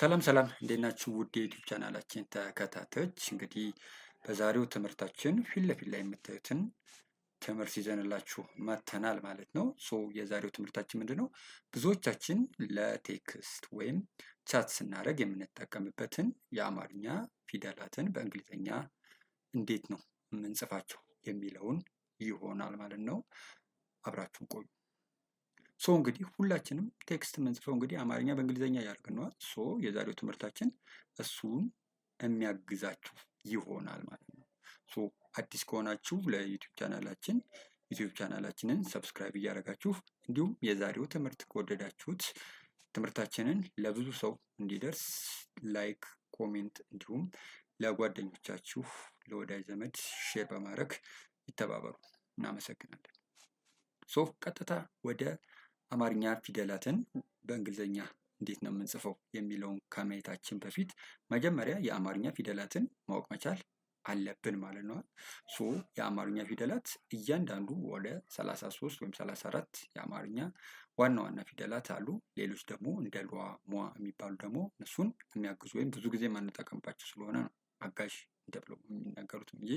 ሰላም ሰላም እንዴት ናችሁ? ውድ የዩቲዩብ ቻናላችን ተከታታዮች፣ እንግዲህ በዛሬው ትምህርታችን ፊት ለፊት ላይ የምታዩትን ትምህርት ይዘንላችሁ መተናል ማለት ነው። ሶ የዛሬው ትምህርታችን ምንድን ነው? ብዙዎቻችን ለቴክስት ወይም ቻት ስናደርግ የምንጠቀምበትን የአማርኛ ፊደላትን በእንግሊዝኛ እንዴት ነው የምንጽፋቸው የሚለውን ይሆናል ማለት ነው። አብራችሁን ቆዩ። ሶ እንግዲህ ሁላችንም ቴክስት ምንጽፈው እንግዲህ አማርኛ በእንግሊዝኛ ያደርግነዋል። ሶ የዛሬው ትምህርታችን እሱን የሚያግዛችሁ ይሆናል ማለት ነው። ሶ አዲስ ከሆናችሁ ለዩቲዩብ ቻናላችን ዩቲዩብ ቻናላችንን ሰብስክራይብ እያደረጋችሁ እንዲሁም የዛሬው ትምህርት ከወደዳችሁት ትምህርታችንን ለብዙ ሰው እንዲደርስ ላይክ፣ ኮሜንት እንዲሁም ለጓደኞቻችሁ ለወዳጅ ዘመድ ሼር በማድረግ ይተባበሩ። እናመሰግናለን። ሶ ቀጥታ ወደ አማርኛ ፊደላትን በእንግሊዝኛ እንዴት ነው የምንጽፈው የሚለውን ከማየታችን በፊት መጀመሪያ የአማርኛ ፊደላትን ማወቅ መቻል አለብን ማለት ነው። ሶ የአማርኛ ፊደላት እያንዳንዱ ወደ 33 ወይም 34 የአማርኛ ዋና ዋና ፊደላት አሉ። ሌሎች ደግሞ እንደ ሏ፣ ሟ የሚባሉ ደግሞ እነሱን የሚያግዙ ወይም ብዙ ጊዜ የማንጠቀምባቸው ስለሆነ ነው አጋዥ ተብሎ የሚነገሩት እንጂ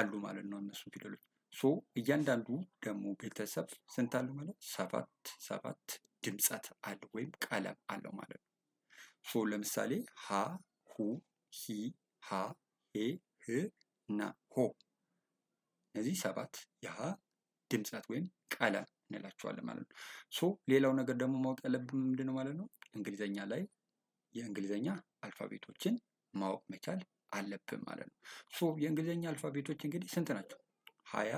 አሉ ማለት ነው እነሱ ፊደሎች ሶ እያንዳንዱ ደግሞ ቤተሰብ ስንት አለው ማለት ሰባት ሰባት ድምፀት አለው ወይም ቀለም አለው ማለት ነው። ሶ ለምሳሌ ሀ ሁ ሂ ሀ ሄ ህ እና ሆ እነዚህ ሰባት የሀ ድምፀት ወይም ቀለም እንላቸዋለን ማለት ነው። ሶ ሌላው ነገር ደግሞ ማወቅ ያለብን ምንድን ነው ማለት ነው እንግሊዘኛ ላይ የእንግሊዘኛ አልፋቤቶችን ማወቅ መቻል አለብን ማለት ነው። ሶ የእንግሊዘኛ አልፋቤቶች እንግዲህ ስንት ናቸው? ሀያ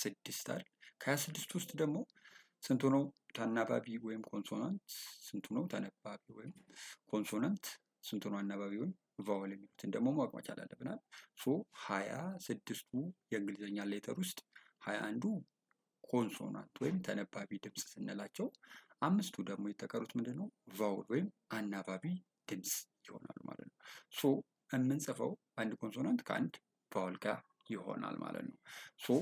ስድስት አይደል? ከሀያ ስድስት ውስጥ ደግሞ ስንቱ ነው አናባቢ ወይም ኮንሶናንት? ስንቱ ነው ተነባቢ ወይም ኮንሶናንት? ስንቱ ነው አናባቢ ወይም ቫወል የሚሉትን ደግሞ ማወቅ መቻል አለብናል። ሶ ሀያ ስድስቱ የእንግሊዝኛ ሌተር ውስጥ ሀያ አንዱ ኮንሶናንት ወይም ተነባቢ ድምፅ ስንላቸው፣ አምስቱ ደግሞ የተቀሩት ምንድን ነው ቫውል ወይም አናባቢ ድምፅ ይሆናሉ ማለት ነው። ሶ የምንጽፈው አንድ ኮንሶናንት ከአንድ ቫውል ጋር ይሆናል ማለት ነው። ሶ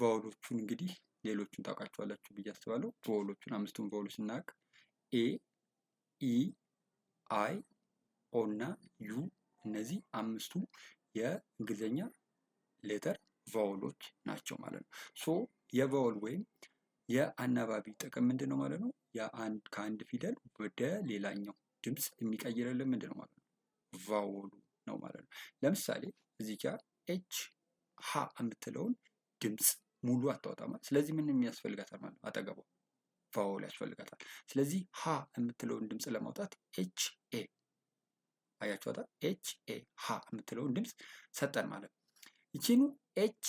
ቫውሎቹን እንግዲህ ሌሎቹን ታውቃቸዋላችሁ ብዬ አስባለሁ። ቫውሎቹን አምስቱን ቫውሎች ስናውቅ ኤ፣ ኢ፣ አይ፣ ኦ እና ዩ እነዚህ አምስቱ የእንግሊዝኛ ሌተር ቫውሎች ናቸው ማለት ነው። ሶ የቫውል ወይም የአናባቢ ጥቅም ምንድን ነው ማለት ነው? ከአንድ ፊደል ወደ ሌላኛው ድምፅ የሚቀይርልን ምንድን ነው ማለት ነው? ቫውሉ ነው ማለት ነው። ለምሳሌ እዚህ ጋር ኤች ሀ የምትለውን ድምፅ ሙሉ አታወጣማ። ስለዚህ ምንም ያስፈልጋታል ማለት ነው። አጠገቧ ቫወል ያስፈልጋታል። ስለዚህ ሀ የምትለውን ድምፅ ለማውጣት ኤች ኤ አያችኋታ። ኤች ኤ ሀ የምትለውን ድምፅ ሰጠን ማለት ነው። ይቺኑ ኤች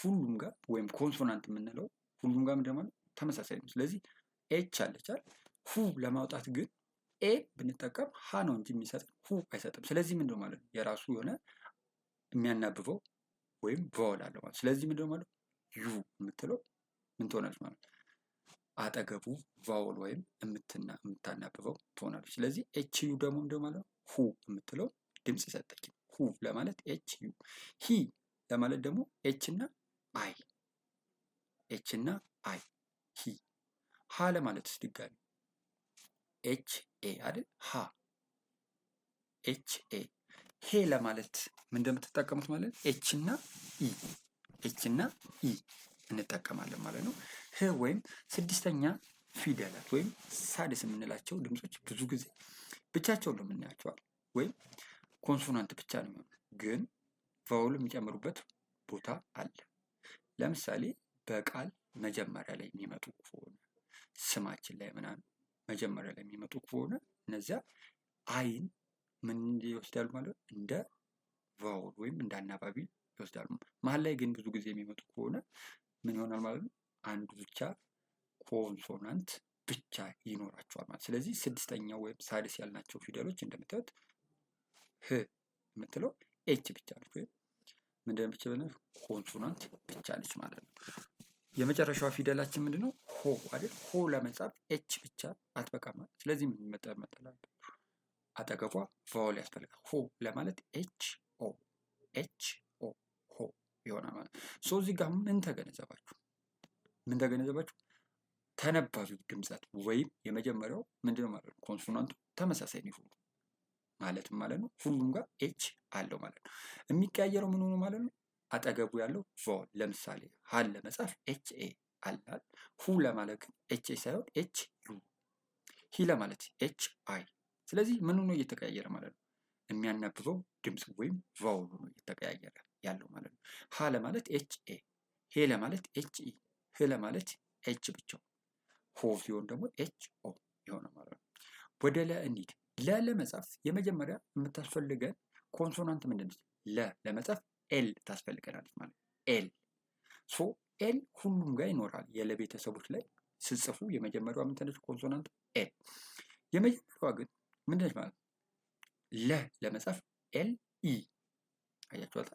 ሁሉም ጋር ወይም ኮንሶናንት የምንለው ሁሉም ጋር ምንድን ተመሳሳይ ነው። ስለዚህ ኤች አለቻል። ሁ ለማውጣት ግን ኤ ብንጠቀም ሀ ነው እንጂ የሚሰጠን ሁ አይሰጥም። ስለዚህ ምንድን ማለት ነው የራሱ የሆነ የሚያናብበው ወይም ቫውል አለው ማለት። ስለዚህ ምንድነው ማለት ዩ የምትለው ምን ትሆናለች ማለት አጠገቡ ቫውል ወይም የምታናብበው ትሆናለች። ስለዚህ ኤች ዩ ደግሞ ምንድነው ማለት ሁ የምትለው ድምፅ ሰጠች። ሁ ለማለት ኤች ዩ፣ ሂ ለማለት ደግሞ ኤች እና አይ፣ ኤች እና አይ ሂ። ሃ ለማለት ስድጋሚ ኤች ኤ አይደል ሀ ኤች ኤ ሄ ለማለት ምን እንደምትጠቀሙት ማለት ኤች እና ኢ e ኤች እና ኢ e እንጠቀማለን ማለት ነው። ህ ወይም ስድስተኛ ፊደላት ወይም ሳድስ የምንላቸው ድምፆች ብዙ ጊዜ ብቻቸውን ነው የምናያቸዋል ወይም ኮንሶናንት ብቻ ነው የሚሆኑ፣ ግን ቫውል የሚጨምሩበት ቦታ አለ። ለምሳሌ በቃል መጀመሪያ ላይ የሚመጡ ከሆነ ስማችን ላይ ምናምን መጀመሪያ ላይ የሚመጡ ከሆነ እነዚያ አይን ምን ይወስዳሉ ማለት እንደ ቫውል ወይም እንደ አናባቢ ይወስዳሉ። መሀል ላይ ግን ብዙ ጊዜ የሚመጡ ከሆነ ምን ይሆናል ማለት ነው? አንዱ ብቻ ኮንሶናንት ብቻ ይኖራቸዋል ማለት። ስለዚህ ስድስተኛው ወይም ሳድስ ያልናቸው ፊደሎች እንደምታዩት ህ የምትለው ኤች ብቻ ነች ወይም ምንድን ብቻ ብለ ኮንሶናንት ብቻ ነች ማለት ነው። የመጨረሻዋ ፊደላችን ምንድነው? ሆ አይደል? ሆ ለመጻፍ ኤች ብቻ አትበቃም ስለዚህ ምን መጠመጠላል አጠገቧ ቫውል ያስፈልጋል። ሆ ለማለት ኤች ኦ ኤች ኦ ሆ ይሆናል ማለት ሶ እዚህ ጋር ምን ተገነዘባችሁ? ምን ተገነዘባችሁ? ተነባቢ ድምፀት ወይም የመጀመሪያው ምንድነው ማለት ነው። ኮንሶናንቱ ተመሳሳይ ነው ይሁኑ ማለት ነው። ሁሉም ጋር ኤች አለው ማለት ነው። የሚቀያየረው ምን ሆኖ ማለት ነው አጠገቡ ያለው ቫውል። ለምሳሌ ሀል ለመጻፍ ኤች ኤ አላት። ሁ ለማለት ግን ኤች ኤ ሳይሆን ኤች ዩ ሂ ለማለት ኤች አይ ስለዚህ ምኑ ነው እየተቀያየረ ማለት ነው? የሚያናብበው ድምፅ ወይም ቫውሉ ነው እየተቀያየረ ያለው ማለት ነው። ሀ ለማለት ኤች ኤ፣ ሄ ለማለት ኤች ኢ፣ ህ ለማለት ኤች ብቻው፣ ሆ ሲሆን ደግሞ ኤች ኦ የሆነ ማለት ነው። ወደ ለ እንሂድ። ለ ለመጻፍ የመጀመሪያ የምታስፈልገን ኮንሶናንት ምንድን ነች? ለ ለመጻፍ ኤል ታስፈልገናለች ማለት ኤል ሶ ኤል ሁሉም ጋር ይኖራል። የለ ቤተሰቦች ላይ ስጽፉ የመጀመሪያዋ የምትነች ኮንሶናንት ኤል የመጀመሪያዋ ግን ምንድነች ማለት ለ ለመጻፍ ኤል ኢ አያችኋል።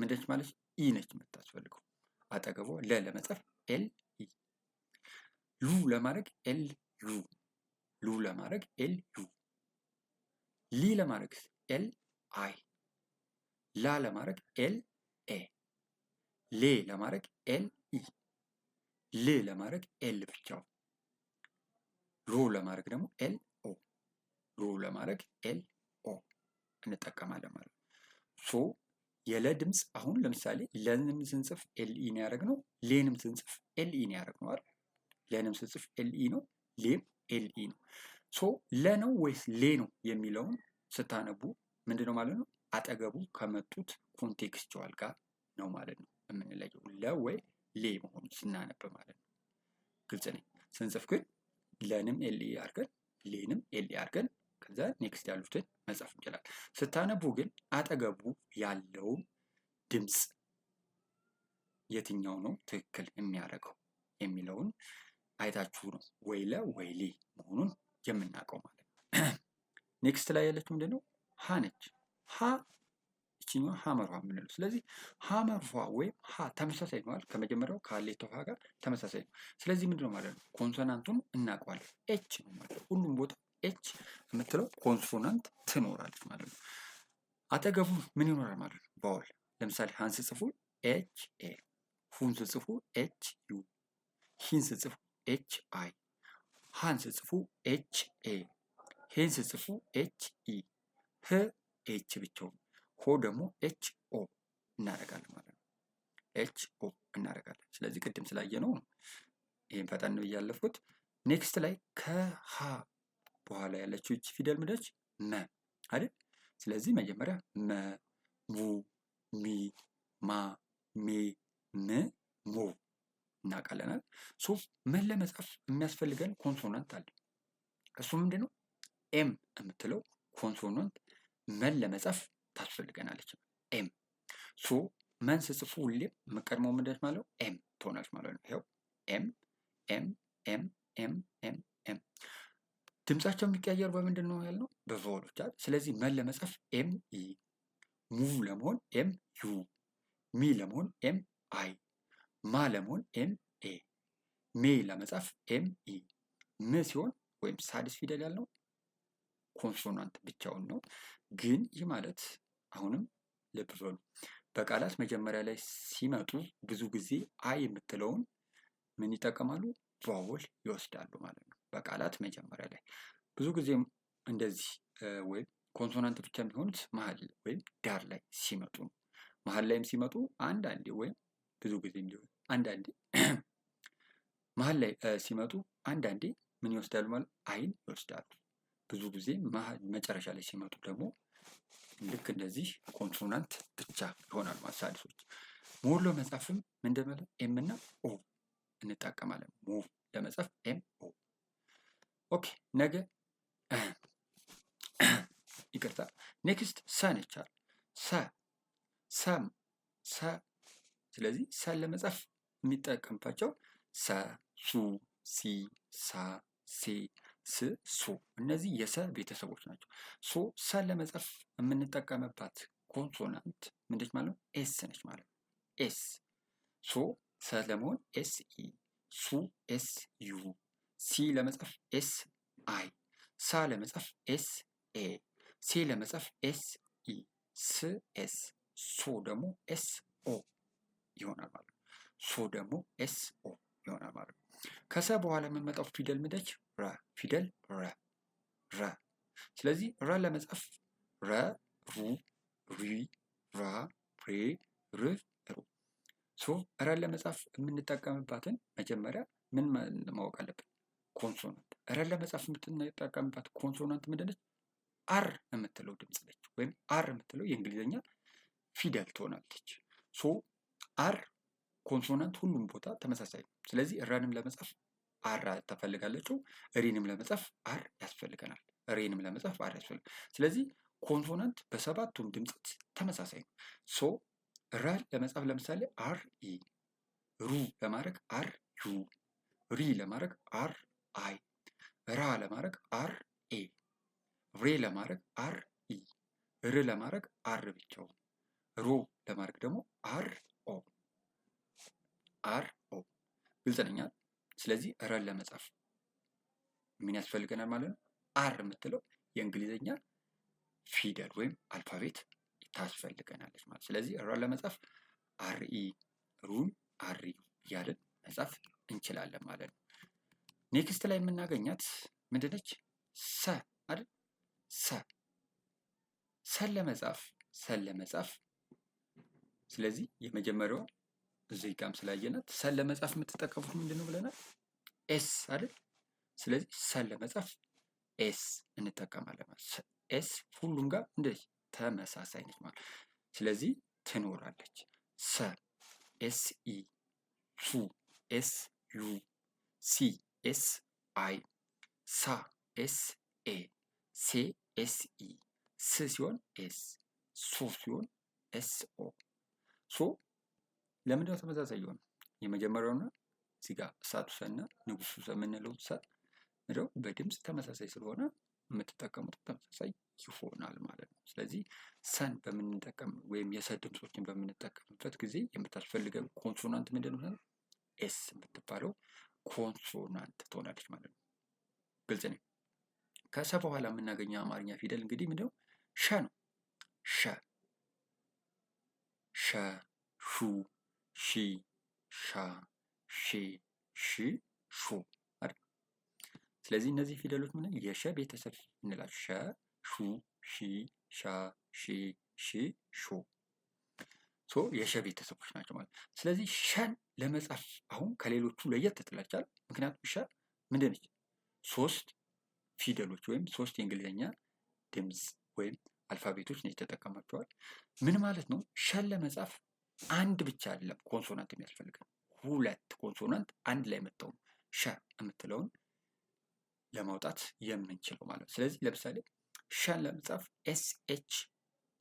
ምንድነች ማለት ኢ ነች የምታስፈልገው አጠገቧ ለ ለመጻፍ ኤል ኢ ሉ ለማድረግ ኤል ዩ ሉ ለማድረግ ኤል ዩ ሊ ለማድረግ ኤል አይ ላ ለማድረግ ኤል ኤ ሌ ለማድረግ ኤል ኢ ል ለማድረግ ኤል ብቻው ሎ ለማድረግ ደግሞ ኤል ለማድረግ ኤል ኦ እንጠቀማለን ማለት ነው። ሶ የለ ድምፅ አሁን ለምሳሌ ለንም ስንጽፍ ኤል ኤልኢ ነው ሌንም ስንጽፍ ኤልኢ ነው ያደረግነው አይደል? ለንም ስንጽፍ ኤልኢ ነው፣ ሌም ኤል ኢ ነው። ሶ ለ ነው ወይስ ሌ ነው የሚለውን ስታነቡ ምንድን ነው ማለት ነው አጠገቡ ከመጡት ኮንቴክስቹዋል ጋር ነው ማለት ነው የምንለየው ለ ወይ ሌ መሆኑ ስናነብ ማለት ነው። ግልጽ ነኝ። ስንጽፍ ግን ለንም ኤል ኢ አድርገን ሌንም ኤልኢ አድርገን ኔክስት ያሉትን መጻፍ እንችላል። ስታነቡ ግን አጠገቡ ያለው ድምፅ የትኛው ነው ትክክል የሚያደርገው የሚለውን አይታችሁ ነው ወይለ ወይሌ መሆኑን የምናውቀው ማለት ነው። ኔክስት ላይ ያለችው ምንድነው? ሀ ነች። ሀ ይችኛዋ ሀመርኋ የምንለው ስለዚህ ሀመርኋ ወይም ሀ ተመሳሳይ ነዋል ከመጀመሪያው ከአሌተው ሀ ጋር ተመሳሳይ ነው። ስለዚህ ምንድነው ማለት ነው? ኮንሶናንቱን እናውቀዋለን። ኤች ነው ማለት ሁሉም ቦታ ኤች የምትለው ኮንሶናንት ትኖራለች ማለት ነው። አጠገቡ ምን ይኖራል ማለት ነው? ባውል ለምሳሌ ሀን ስጽፉ ኤች ኤ፣ ሁን ስጽፉ ኤች ዩ፣ ሂን ስጽፉ ኤች አይ፣ ሃን ስጽፉ ኤች ኤ፣ ሄን ስጽፉ ኤች ኢ፣ ህ ኤች ብቻውን፣ ሆ ደግሞ ኤች ኦ እናደርጋለን ማለት ነው። ኤች ኦ እናደርጋለን። ስለዚህ ቅድም ስላየ ነው ይህም ፈጠን ነው እያለፍኩት። ኔክስት ላይ ከሃ በኋላ ያለችው እች ፊደል ምደች መ አይደል? ስለዚህ መጀመሪያ መ፣ ሙ፣ ሚ፣ ማ፣ ሜ፣ ም፣ ሙ እናውቃለናል። ሶ መን ለመጻፍ የሚያስፈልገን ኮንሶናንት አለ። እሱ ምንድን ነው? ኤም የምትለው ኮንሶናንት መን ለመጻፍ ታስፈልገናለች። ኤም ሶ መን ስጽፉ ሁሌም የምቀድመው ምንደት ማለት ነው? ኤም ትሆናለች ማለት ነው። ይኸው ኤም ኤም ኤም ኤም ኤም ኤም ድምጻቸው የሚቀየሩ በምንድን ነው ያልነው? በቮወሎች አይደል? ስለዚህ መን ለመጻፍ ኤም ኢ፣ ሙቭ ለመሆን ኤም ዩ፣ ሚ ለመሆን ኤም አይ፣ ማ ለመሆን ኤም ኤ፣ ሜ ለመጻፍ ኤም ኢ። ም ሲሆን ወይም ሳድስ ፊደል ያልነው ኮንሶናንት ብቻውን ነው። ግን ይህ ማለት አሁንም ልብ በሉ በቃላት መጀመሪያ ላይ ሲመጡ ብዙ ጊዜ አይ የምትለውን ምን ይጠቀማሉ? ቫወል ይወስዳሉ ማለት ነው። በቃላት መጀመሪያ ላይ ብዙ ጊዜም እንደዚህ ወይም ኮንሶናንት ብቻ የሚሆኑት መሀል ወይም ዳር ላይ ሲመጡ ነው። መሀል ላይም ሲመጡ አንዳንዴ ወይም ብዙ ጊዜ ሊሆን አንዳንዴ መሀል ላይ ሲመጡ አንዳንዴ ምን ይወስዳሉ ማለት አይን ይወስዳሉ። ብዙ ጊዜ መጨረሻ ላይ ሲመጡ ደግሞ ልክ እንደዚህ ኮንሶናንት ብቻ ይሆናል ማለት ሳድሶች። ሙሉ መጻፍም ምን ኤም እና ኦ እንጠቀማለን። ሙቭ ለመጻፍ ኤም ኦ ኦኬ ነገ ይቅርታ ኔክስት ሰ ነቻል ሰ ሰም ሰ ስለዚህ ሰን ለመጻፍ የሚጠቀምባቸው ሰ ሱ ሲ ሳ ሴ ስ ሱ እነዚህ የሰ ቤተሰቦች ናቸው። ሶ ሰን ለመጻፍ የምንጠቀምባት ኮንሶናንት ምንድች ማለት ነው? ኤስ ነች ማለት ነው። ኤስ ሶ ሰ ለመሆን ኤስ ኢ ሱ ኤስ ዩ ሲ ለመጻፍ ኤስ አይ፣ ሳ ለመጻፍ ኤስ ኤ፣ ሴ ለመጻፍ ኤስ ኢ፣ ስ ኤስ፣ ሶ ደግሞ ኤስ ኦ ይሆናል ማለት ነው። ሶ ደግሞ ኤስ ኦ ይሆናል ማለት ነው። ከሰ በኋላ የምንመጣው ፊደል ምደች ረ ፊደል ረ ረ። ስለዚህ ረ ለመጻፍ ረ ሩ ሪ ራ ሬ ር ሩ። ሶ ረ ለመጻፍ የምንጠቀምባትን መጀመሪያ ምን ማወቅ አለብን? ኮንሶናንት ረ ለመጻፍ የምትጠቀምባት ኮንሶናንት ምንድነች? አር የምትለው ድምፅ ነች፣ ወይም አር የምትለው የእንግሊዝኛ ፊደል ትሆናለች። ሶ አር ኮንሶናንት ሁሉም ቦታ ተመሳሳይ ነው። ስለዚህ ረንም ለመጻፍ አር ተፈልጋለችው፣ ሪንም ለመጻፍ አር ያስፈልገናል። ሬንም ለመጻፍ አር ያስፈልጋል። ስለዚህ ኮንሶናንት በሰባቱም ድምፀት ተመሳሳይ ነው። ሶ ራን ለመጻፍ ለምሳሌ አር ኢ፣ ሩ ለማድረግ አር ዩ፣ ሪ ለማድረግ አር አይ፣ ራ ለማድረግ አር ኤ፣ ሬ ለማድረግ አር ኢ፣ ር ለማድረግ አር ብቻው ሮ ለማድረግ ደግሞ አር ኦ፣ አር ኦ። ግልጽ ነኛል። ስለዚህ ረን ለመጻፍ ምን ያስፈልገናል ማለት ነው? አር የምትለው የእንግሊዝኛ ፊደል ወይም አልፋቤት ታስፈልገናለች ማለት። ስለዚህ ረን ለመጻፍ ኢ ሩን አሪ እያልን መጻፍ እንችላለን ማለት ነው። ኔክስት ላይ የምናገኛት ምንድነች? ሰ አይደል? ሰ ሰን ለመጻፍ ሰን ለመጻፍ ስለዚህ የመጀመሪያው እዚህ ጋም ስላየናት ሰን ለመጻፍ የምትጠቀሙት ምንድነው ብለና? ብለናል? ኤስ አይደል? ስለዚህ ሰን ለመጻፍ ኤስ እንጠቀማለን። ኤስ ሁሉም ጋር እንደዚህ ተመሳሳይ ነች ማለት ስለዚህ ትኖራለች። ሰ ኤስ ኢ ሱ ኤስ ዩ ሲ S I ሳ ኤስ ኤ ሴ ኤስ ኢ ስ ሲሆን ኤስ ሶ ሲሆን ኤስ ኦ ሶ ለምንድነው ተመሳሳይ የሆነ የመጀመሪያውና እዚህ ጋር እሳቱ ሰ ንጉሱ ሰ የምንለው እሳት ምንድነው በድምፅ ተመሳሳይ ስለሆነ የምትጠቀሙት ተመሳሳይ ይሆናል ማለት ነው። ስለዚህ ሰን በምንጠቀም ወይም የሰ ድምፆችን በምንጠቀምበት ጊዜ የምታስፈልገን ኮንሶናንት ምንድን ነው ኤስ የምትባለው ኮንሶናንት ትሆናለች ማለት ነው። ግልጽ ነው። ከሰ በኋላ የምናገኘው አማርኛ ፊደል እንግዲህ ምንድነው? ሸ ነው። ሸ ሸ ሹ ሺ ሻ ሺ ሺ ሹ አይደል። ስለዚህ እነዚህ ፊደሎች ምን የሸ ቤተሰብ እንላል። ሸ ሹ ሺ ሻ ሺ ሺ ሹ ሶ የሸ ቤተሰቦች ናቸው ማለት። ስለዚህ ሸን ለመጻፍ አሁን ከሌሎቹ ለየት ትጥላቻል። ምክንያቱም ምንድን ምንድነች? ሶስት ፊደሎች ወይም ሶስት የእንግሊዝኛ ድምፅ ወይም አልፋቤቶች ነች ተጠቀማቸዋል። ምን ማለት ነው? ሸን ለመጻፍ አንድ ብቻ አይደለም ኮንሶናንት የሚያስፈልግ ሁለት ኮንሶናንት አንድ ላይ መጥተው ሻ የምትለውን ለማውጣት የምንችለው ማለት ነው። ስለዚህ ለምሳሌ ሸን ለመጻፍ ኤስ ኤች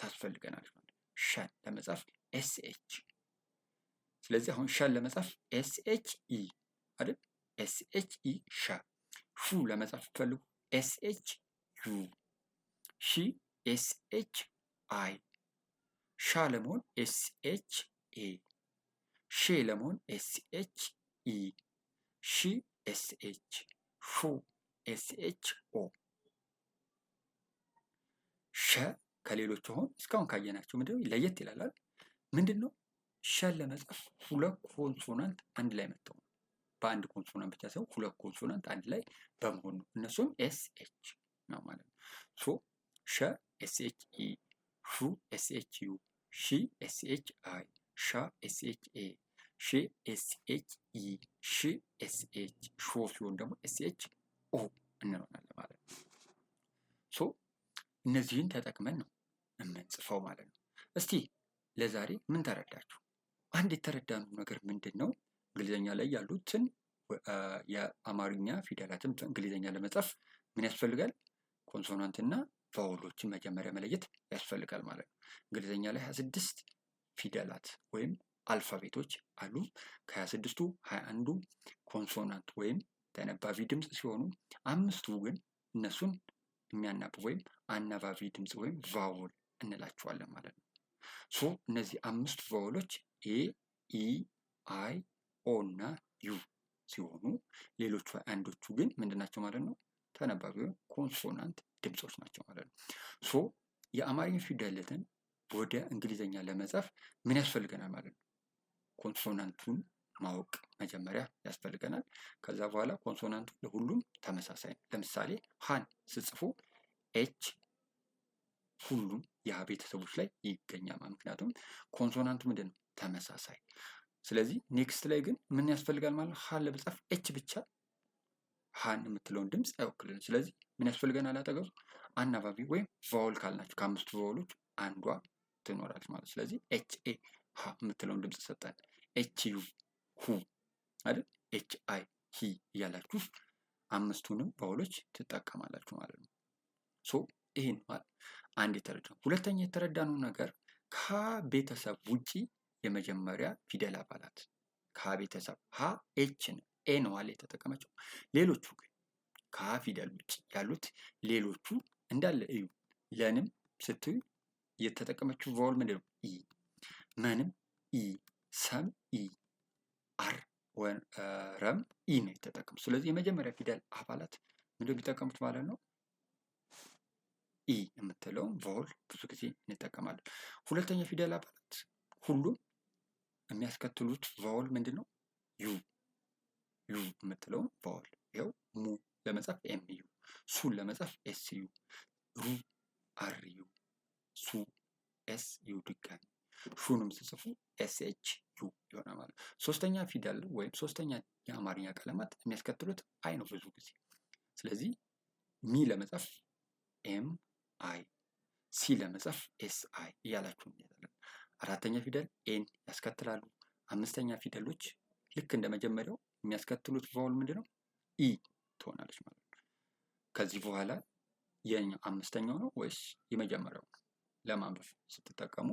ታስፈልገናል። ሸን ለመጻፍ ኤስ ኤች ስለዚህ አሁን ሸን ለመጻፍ ኤስ ኤች ኢ አይደል? ኤስ ኤች ኢ ሸ። ሹ ለመጻፍ ፈልጉ ኤስ ኤች ዩ ሺ ኤስ ኤች አይ ሻ ለመሆን ኤስ ኤች ኤ ሼ ለመሆን ኤስ ኤች ኢ ሺ ኤስ ኤች ሹ ኤስ ኤች ኦ ሸ ከሌሎቹ አሁን እስካሁን ካየናቸው ምንድነው ለየት ይላል። ምንድን ነው ሸን ለመጻፍ ሁለት ኮንሶናንት አንድ ላይ መጥተው ነው። በአንድ ኮንሶናንት ብቻ ሳይሆን ሁለት ኮንሶናንት አንድ ላይ በመሆን ነው። እነሱም ኤስ ኤች ነው ማለት ነው። ሶ ሸ ኤስ ኤች ኢ፣ ሹ ኤስ ኤች ዩ፣ ሺ ኤስ ኤች አይ፣ ሻ ኤስ ኤች ኤ፣ ሺ ኤስ ኤች ኢ፣ ሺ ኤስ ኤች፣ ሾ ሲሆን ደግሞ ኤስ ኤች ኦ እንለዋለን ማለት ነው። ሶ እነዚህን ተጠቅመን ነው የምንጽፈው ማለት ነው። እስቲ ለዛሬ ምን ተረዳችሁ? አንድ የተረዳነው ነገር ምንድን ነው? እንግሊዝኛ ላይ ያሉትን የአማርኛ ፊደላትን እንግሊዝኛ ለመጻፍ ምን ያስፈልጋል? ኮንሶናንትና ቫውሎችን መጀመሪያ መለየት ያስፈልጋል ማለት ነው። እንግሊዝኛ ላይ 26 ፊደላት ወይም አልፋቤቶች አሉ። ከ26ቱ 21ዱ ኮንሶናንት ወይም ተነባቢ ድምፅ ሲሆኑ አምስቱ ግን እነሱን የሚያናብ ወይም አናባቢ ድምፅ ወይም ቫወል እንላቸዋለን ማለት ነው። ሶ እነዚህ አምስቱ ቫውሎች ኤ ኢ አይ ኦ እና ዩ ሲሆኑ ሌሎቹ አንዶቹ ግን ምንድን ናቸው ማለት ነው? ተነባቢ ኮንሶናንት ድምፆች ናቸው ማለት ነው። ሶ የአማርኛ ፊደላትን ወደ እንግሊዝኛ ለመጻፍ ምን ያስፈልገናል ማለት ነው? ኮንሶናንቱን ማወቅ መጀመሪያ ያስፈልገናል። ከዛ በኋላ ኮንሶናንቱ ለሁሉም ተመሳሳይ ነው። ለምሳሌ ሀን ስጽፉ ኤች ሁሉም የሀ ቤተሰቦች ላይ ይገኛል። ምክንያቱም ኮንሶናንቱ ምንድን ነው? ተመሳሳይ። ስለዚህ ኔክስት ላይ ግን ምን ያስፈልጋል ማለት ነው? ሀ ለመጻፍ ኤች ብቻ ሀን የምትለውን ድምፅ አይወክልንም። ስለዚህ ምን ያስፈልገናል? አጠገብ አናባቢ ወይም ቫውል ካልናቸው ከአምስቱ ቫውሎች አንዷ ትኖራለች ማለት ስለዚህ ኤች ኤ ሀ የምትለውን ድምፅ ሰጠን። ኤች ዩ ሁ አይደል? ኤች አይ ሂ እያላችሁ አምስቱንም ቫውሎች ትጠቀማላችሁ ማለት ነው። ሶ ይህን አንድ የተረዳ ሁለተኛ የተረዳነው ነገር ከሀ ቤተሰብ ውጪ የመጀመሪያ ፊደል አባላት ከሀ ቤተሰብ ሀ ኤችን ኤ የተጠቀመችው። ሌሎቹ ግን ከሀ ፊደል ውጭ ያሉት ሌሎቹ እንዳለ እዩ። ለንም ስትዩ የተጠቀመችው ቮል ምንድን ነው? ኢ። መንም ኢ፣ ሰም ኢ፣ አር ረም ኢ ነው የተጠቀሙ። ስለዚህ የመጀመሪያ ፊደል አባላት ምንድ የሚጠቀሙት ማለት ነው? ኢ የምትለውን ቮል ብዙ ጊዜ እንጠቀማለን። ሁለተኛ ፊደል አባላት ሁሉም የሚያስከትሉት ቫወል ምንድን ነው? ዩ ዩ የምትለው ቫወል ይኸው ሙ ለመጻፍ ኤም ዩ፣ ሱን ለመጻፍ ኤስ ዩ፣ ሩ አር ዩ፣ ሱ ኤስ ዩ ድጋሚ ሹንም ስጽፉ ኤስ ኤች ዩ ይሆናል ማለት ነው። ሶስተኛ ፊደል ወይም ሶስተኛ የአማርኛ ቀለማት የሚያስከትሉት አይ ነው ብዙ ጊዜ። ስለዚህ ሚ ለመጻፍ ኤም አይ፣ ሲ ለመጻፍ ኤስ አይ እያላችሁ እንሄዳለን። አራተኛ ፊደል ኤን ያስከትላሉ። አምስተኛ ፊደሎች ልክ እንደ መጀመሪያው የሚያስከትሉት ቫውል ምንድን ነው? ኢ ትሆናለች ማለት ነው። ከዚህ በኋላ የኛው አምስተኛው ነው ወይስ የመጀመሪያው ነው? ለማንበብ ስትጠቀሙ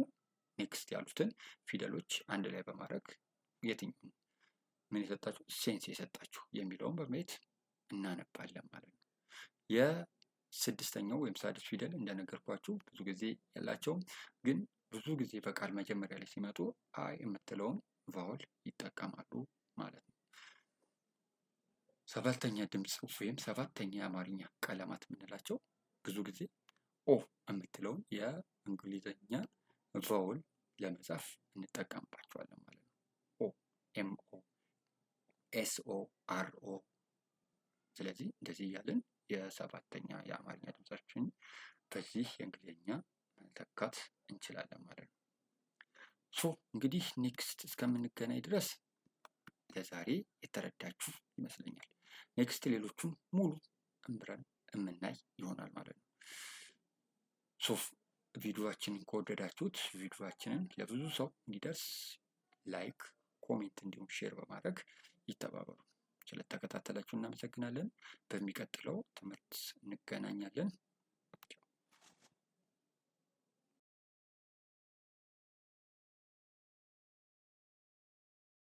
ኔክስት ያሉትን ፊደሎች አንድ ላይ በማድረግ የትኛው ምን የሰጣችሁ ሴንስ የሰጣችሁ የሚለውን በማየት እናነባለን ማለት ነው። የስድስተኛው ወይም ሳድስ ፊደል እንደነገርኳችሁ ብዙ ጊዜ ያላቸውም ግን ብዙ ጊዜ በቃል መጀመሪያ ላይ ሲመጡ አይ የምትለውን ቫውል ይጠቀማሉ ማለት ነው። ሰባተኛ ድምፅ ወይም ሰባተኛ የአማርኛ ቀለማት የምንላቸው ብዙ ጊዜ ኦ የምትለውን የእንግሊዝኛ ቫውል ለመጻፍ እንጠቀምባቸዋለን ማለት ነው። ኦ ኤምኦ፣ ኤስኦ፣ አርኦ ስለዚህ እንደዚህ እያለን የሰባተኛ የአማርኛ ድምፃችን በዚህ የእንግሊዝኛ መተካት እንችላለን ማለት ነው። ሶ እንግዲህ ኔክስት እስከምንገናኝ ድረስ ለዛሬ የተረዳችሁ ይመስለኛል። ኔክስት ሌሎቹን ሙሉ እምብረን የምናይ ይሆናል ማለት ነው። ሶ ቪዲዮችንን ከወደዳችሁት ቪዲዮችንን ለብዙ ሰው እንዲደርስ ላይክ፣ ኮሜንት እንዲሁም ሼር በማድረግ ይተባበሩ። ስለተከታተላችሁ እናመሰግናለን። በሚቀጥለው ትምህርት እንገናኛለን።